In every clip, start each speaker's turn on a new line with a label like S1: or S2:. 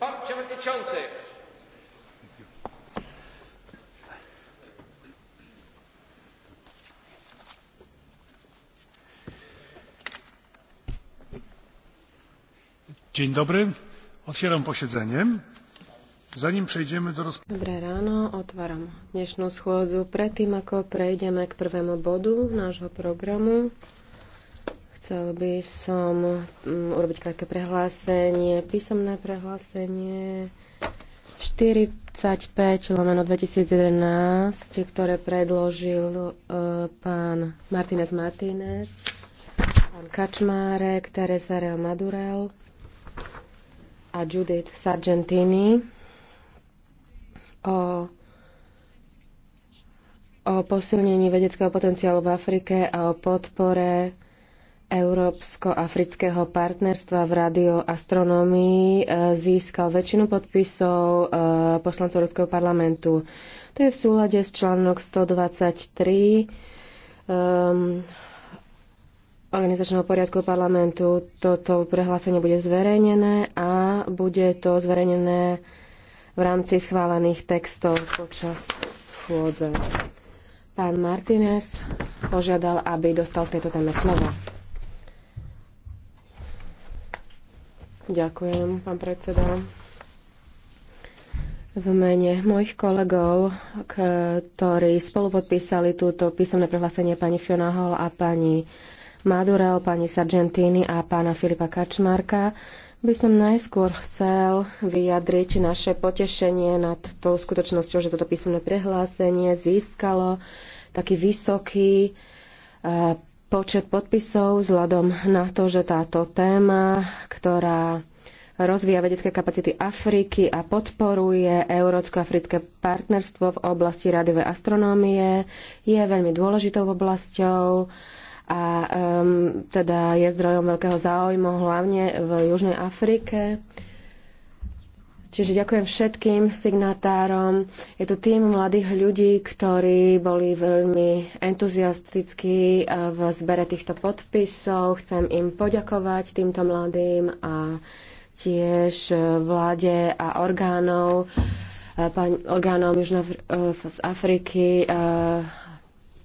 S1: Pan przewodniczący. Dzień dobry. Otwieram posiedzenie. Zanim przejdziemy do roz... Dobré ráno, otváram dnešnú schôdzu. Predtým, ako prejdeme k prvému bodu nášho programu, Chcel by som mm, urobiť krátke prehlásenie, písomné prehlásenie 45 lomeno 2011, ktoré predložil uh, pán Martinez Martinez, pán Kačmárek, Teresa Real Madurel a Judith Sargentini o o posilnení vedeckého potenciálu v Afrike a o podpore Európsko-afrického partnerstva v radioastronomii e, získal väčšinu podpisov e, poslancov Európskeho parlamentu. To je v súlade s článok 123 um, ehm, organizačného poriadku parlamentu. Toto prehlásenie bude zverejnené a bude to zverejnené v rámci schválených textov počas schôdze. Pán Martinez požiadal, aby dostal k tejto téme slovo. Ďakujem, pán predseda. V mene mojich kolegov, ktorí spolupodpísali túto písomné prehlásenie pani Fiona Hall a pani Madurel, pani Sargentini a pána Filipa Kačmarka, by som najskôr chcel vyjadriť naše potešenie nad tou skutočnosťou, že toto písomné prehlásenie získalo taký vysoký eh, počet podpisov vzhľadom na to, že táto téma, ktorá rozvíja vedecké kapacity Afriky a podporuje európsko-africké partnerstvo v oblasti radiovej astronómie, je veľmi dôležitou oblasťou a um, teda je zdrojom veľkého záujmu hlavne v Južnej Afrike. Čiže ďakujem všetkým signatárom. Je tu tým mladých ľudí, ktorí boli veľmi entuziastickí eh, v zbere týchto podpisov. Chcem im poďakovať týmto mladým a tiež eh, vláde a orgánov, eh, pán, orgánom Južno z Afriky,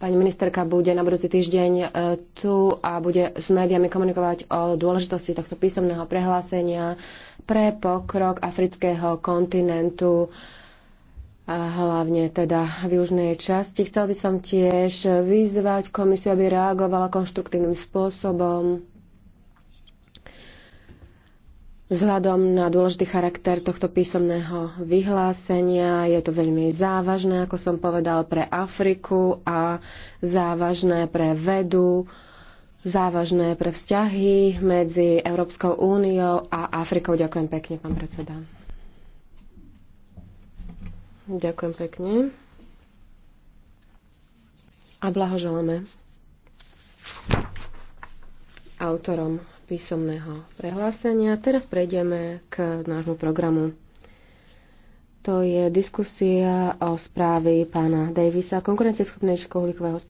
S1: Pani ministerka bude na budúci týždeň e, tu a bude s médiami komunikovať o dôležitosti tohto písomného prehlásenia pre pokrok afrického kontinentu a e, hlavne teda v južnej časti. Chcel by som tiež vyzvať komisiu, aby reagovala konštruktívnym spôsobom Vzhľadom na dôležitý charakter tohto písomného vyhlásenia je to veľmi závažné, ako som povedal, pre Afriku a závažné pre vedu, závažné pre vzťahy medzi Európskou úniou a Afrikou. Ďakujem pekne, pán predseda. Ďakujem pekne. A blahoželáme autorom písomného prehlásenia. Teraz prejdeme k nášmu programu. To je diskusia o správy pána Davisa, konkurencieschopnej školíkového